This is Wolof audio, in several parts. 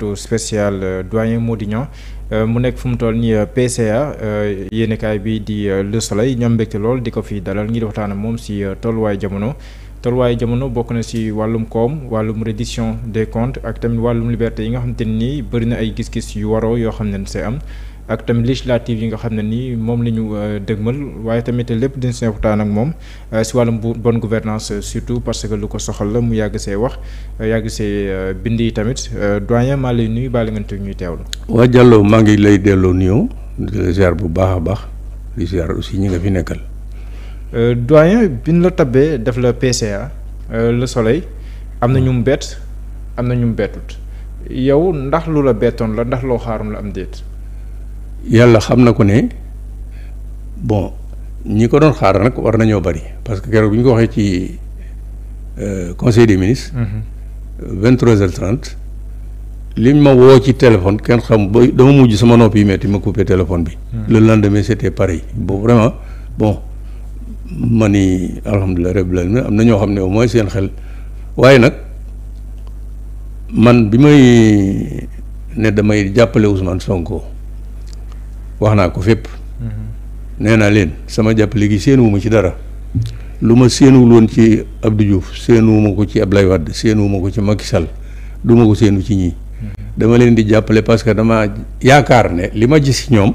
tout spécial euh, doyen Modignan euh, mu nekk fu mu toll nii euh, PCA yéenekaay bi di Le Soleil ñoom mbégte lool di ko fi dalal ngir waxtaan ak moom si tolluwaay jamono tolluwaay jamono bokk na si wàllum koom wàllum reddition des comptes ak tamit wàllum liberté yi nga xamante ni bëri na ay gis-gis yu waroo yoo xam ne see am. ak tamit législative yi nga xam ne nii moom la ñu euh, dëgmal waaye tamit lépp dina si waxtaan ak moom euh, si wàllu bu bon gouvernance euh, surtout parce que lu ko soxal la mu yàgg see wax yàgg see bind yi tamit doyen maa lay nuyu te ngeen ñuy teewlu. waa Diallo maa ngi lay delloo nuyoo di ziar bu baax a baax di ziar aussi ñi nga fi nekkal. doyen bi ñu la tabbee def la PCA Le Soleil am na ñu mu bett am na ñu mu bettut yow ndax lu la bettoon la ndax loo xaarum la am déet. yàlla xam na ko ne bon ñi ko doon xaar nag war nañoo bari parce que keroog bi ñu ko waxee ci euh, conseil des ministres. li mm-hmm. trois heures ma woo ci téléphone kenn xam ba dama mujj sama nopp yi metti ma coupé téléphone bi. Mm-hmm. le lendemain c' était pareil boobu vraiment bon ma ni alhamdulilah rabbil alamin am na ñoo xam ne au moins seen xel waaye nag man bi may ne damay jàppale Ousmane Sonko. wax naa ko fépp nee naa leen sama jàppale gi séenuwuma ci dara lu ma séenuwul loon ci Abdou Diouf séenuwuma ko ci Abdoulaye Wade séenuwuma ko ci Macky Sall du ma ko séenu ci ñii dama leen di jàppale parce que dama yaakaar ne li ma gis ñoom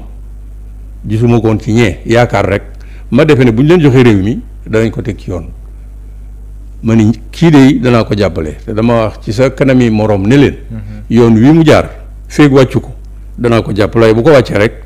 gisuma koon ci ñee yaakaar rek ma defe ne bu ñu leen joxee réew mi danañ ko teg ci yoon ma ni kii de danaa ko jàppale te dama wax ci sa kanami moroom ne leen mhm. yoon wi mu jaar feeg wàccu ko danaa ko jàppale bu ko wàccee rek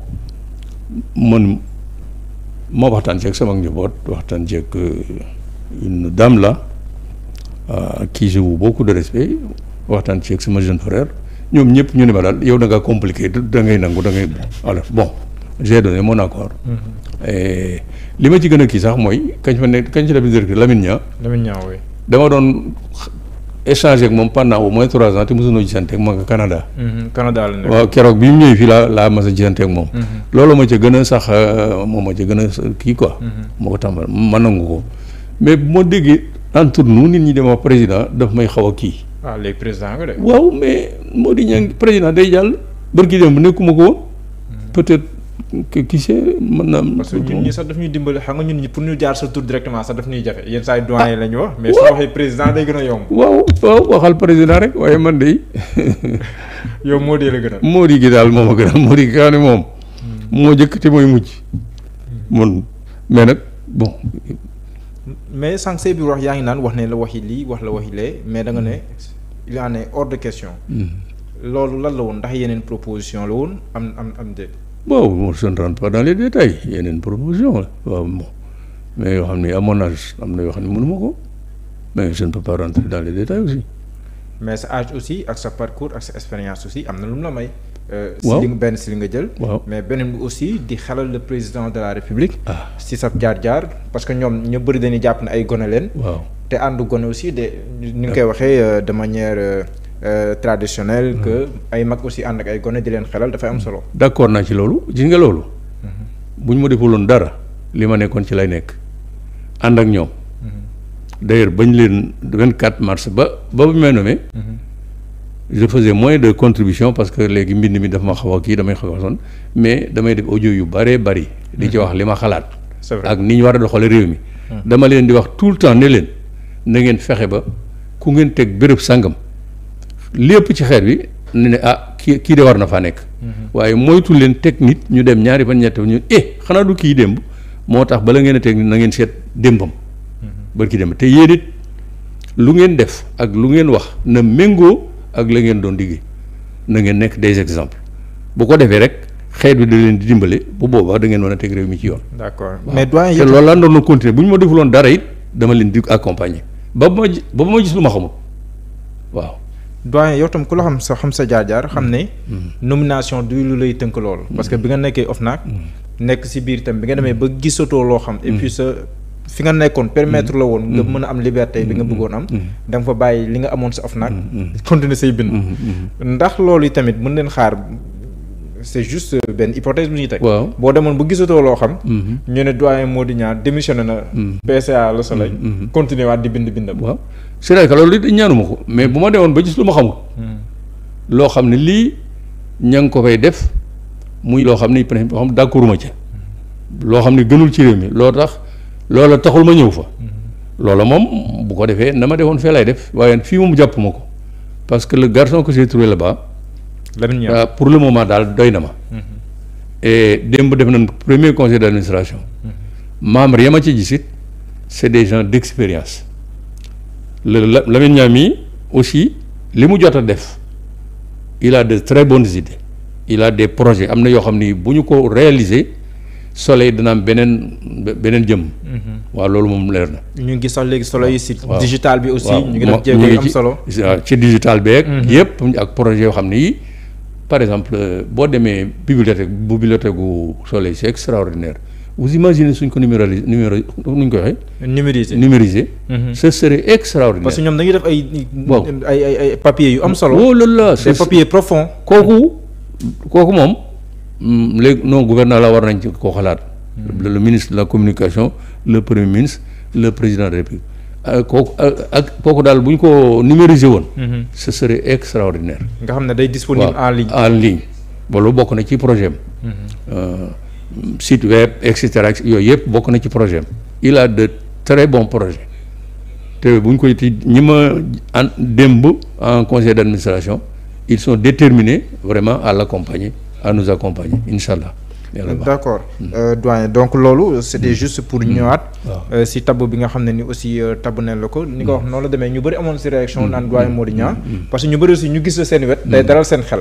man ma waxtaan ceeg sama njaboot waxtaan ceeg euh, une dame là euh, à qui j'ai beaucoup de respect waxtaan ceeg sama jeune frère ñoom ñëpp ñu ne ma daal yow da ngaa compliqué da nangu da ngay alors bon j'ai donné mon accord. Mm-hmm. li ma ci gën a kii sax mooy kañ fa nekk kañ ci la bi directeur Lamine Nia. Lamine Nia oui. dama doon échangé ak moom pendant au moins trois ans te mosunoo gisante ma nga Canada. Mhm, Canada la nekk waaw keroog bi mu ñëw fii laa laa mas a gisante ak moom. Mhm. loolu euh, ma ca gën a sax moom ma gën a kii quoi. Mhm. moo ko tàmbal ma nangu ko mais bu ma déggee entre nous nit ñi dema président daf may xaw a kii. waaw ah, léegi président nga de. waaw mais moo di ñaan président day jàll bërki dem nekkuma ko peut-être. kii mën na am. parce sax daf ñuy dimbale xam nga ñun ñi pour ñu jaar sa tur directement sax daf ñuy jafe yenn saa yi doyen ah. la ñu wax. mais soo waxee président day gën a yomb. waaw waaw waxal président rek waaye man de. yow Mody la gënal. Mody moom a gënal Mody gi xam ne moom. Hmm. moo njëkk te mooy mujj. Hmm. mun mais nag bon. mais sànq say biir wax yaa ngi naan wax ne la waxi lii wax la waxi lee mais danga ne hmm. il en de question. loolu lan la woon ndax yeneen proposition la woon am am am bon je ne rentre pas dans les détails Il y a une proposition mais à mon âge je ne peux pas rentrer dans les détails aussi. mais sa âge aussi avec sa parcours avec son expérience aussi il y lu mu la may. Euh, waaw si li benn si nga mais beneen bi aussi di le président de la république. Ah. si sa jaar parce que nous ñu bëri dañuy jàpp ne ay gone waaw te àndu gone aussi de nous nga ah. euh, de manière. Euh, Euh, traditionnel. Mhm. que ay mag aussi ànd ak ay gone di leen xelal dafay am solo. Mhm. d' accord naa ci loolu gis nga loolu. Mhm. bu ñu ma defuloon dara li ma nekkoon ci lay nekk ànd ak ñoom. d' bañ leen 24 mars ba ba bu may nommé. je faisais moins de contribution parce que léegi mbind mi dafa ma xaw a kii damay xaw a mais damay def ojo yu bëree bëri. li ci wax li ma xalaat. ak ni ñu war a doxalee réew mi. dama leen di wax tout le temps ne leen na ngeen fexe ba ku ngeen teg béréb sangam. lépp ci xeer bi ne ne ah kii kii de war na faa nekk. Mhm. waaye moytu leen teg nit ñu dem ñaari fan ñett ñu eh kii démb moo tax bala ngeen teg na ngeen seet démbam. Mhm. barki démb te yéen it lu ngeen def ak lu ngeen wax na méngoo ak la ngeen doon liggéey na ngeen nekk des exemples bu ko defee rek. xeet bi leen di dimbale bu boobaa da ngeen mën a teg réew ci yoon. d'accord mais doyen te loolu laa doon continuer bu ñu ma defuloon dara it dama leen di accompagner ba ma ba ma gis lu ma xamul waaw. doyen yow tam ku la xam sa xam sa jaar-jaar xam ne. Mm. Mm. nomination du lu lay tënk lool. parce que mm. bi nga nekkee OFNAC. nekk si biir tam bi nga demee ba gisatoo loo xam. et puis sa fi nga nekkoon permettre la woon. nga mën a am liberté bi nga bëggoon am. danga fa bàyyi li nga amoon sa OFNAC. continuer say bind. ndax loolu yi tamit mën leen xaar. c'est juste une euh, hypothèse bu ñuy teg. bu gisatoo loo xam. Mm-hmm. ñu ne doyen ñaar démissionné na. Mm-hmm. PCA Le Soleil. Mm-hmm. continuer waat di bind c'est vrai que loolu it ñaanuma mais bu ma demoon ba gis lu ma xamul. Mm. loo xam ne lii ña ko fay def muy loo xam d'accord ca. Mm. loo xam ne gënul ci réew mi loo tax taxul ma ñëw fa. Mm. loola moom bu ko defee na ma defoon lay def waaye fii moom jàpp parce que le garçon que j'ai trouvé là-bas. Lamine bah, pour le moment daal doy na ma. Mhm. et dembe def premier conseil d'administration. administration. membres ma ci gisit des gens d'expérience. le Lamine Niang aussi limu mu def il a de très bonnes idées il a des projets amna yo xamni buñu ko réaliser soleil dina benen Benen beneen jëm. Mhm. wa loolu mom leer na. ñu ngi sax légui soleil si. digital bi aussi. ñu ngi def jéego am solo ah, ci digital beeg. Mhm. yépp ak projet yo xamni par exemple boo demee bibliothèque bibliothèques bibliothèque Soleil c'est extraordinaire vous imaginez ce qu'on numérise numériser mhm. ce serait extraordinaire. parce que nous avons def papiers oh là là des papiers profonds. profond. Mm, quoi gouvernement, non gouverneur la war mhm. le ministre de la communication le premier ministre le président de la République. Euh, kooku euh, ak kooku daal ko numériser mhm. ce serait extraordinaire. nga xam day disponible en ligne en ligne. loolu bokk na ci projet mhm. euh site web etc cetera yooyu bokk na ci projet il a de très bons projets té buñ ñu koy ñima ñi en conseil d'administration ils sont déterminés vraiment à l'accompagner à nous accompagner inshallah D'accord. accord hmm. euh, doyen donc loolu c'était hmm. juste pour hmm. ñëwaat. Euh, si tab bi nga xamné ni aussi euh, tab ne la ni ko wax non la demee ñu bëri amoon ci réaction nan doyen Modou parce que ñu bëri aussi ñu gis la seen wet. day daral sen xel.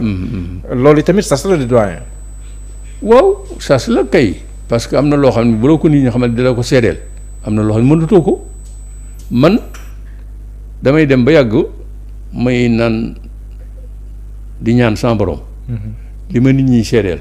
Lolu tamit ça sera di doyen. waaw sas la kay parce que amna lo xamni bu la ko nit ñi xamal dina ko seedeel am na loo xam ko man damay dem ba yàgg may nan di ñaan sans borom. Mhm. li ma nit ñi seedeel.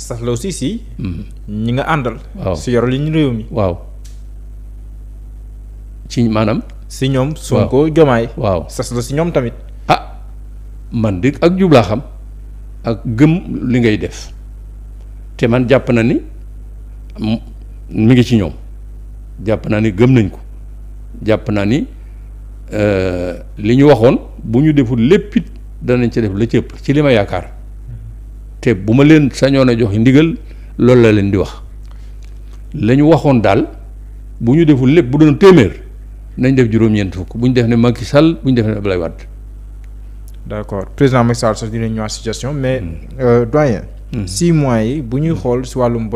saf la aussi si. Hmm. ñi nga àndal. waaw si yor li ñu réew mi. waaw ci maanaam. si ñoom. Sonko Jomaay. waaw sas la si ñoom tamit. ah man de ak jublaa xam ak gëm li ngay def te man jàpp na ni mu ngi ci ñoom jàpp naa ni gëm nañ ko jàpp naa ni euh, li ñu waxoon bu ñu deful lépp it danañ ci def la cëpp ci li ma yaakaar. te bu ma leen sañoon a jox ndigal loolu la leen di wax la ñu waxoon daal bu ñu deful lépp bu doon téeméer nañ def juróom-ñeent fukk bu ñu def ne Macky Sall bu ñu def ne Abdoulaye Wade. d'accord président Macky Sall sax dinañ ñëwaat situation mais hmm. euh, doyen. Hmm. six mois yi bu ñuy hmm. xool si wàllum.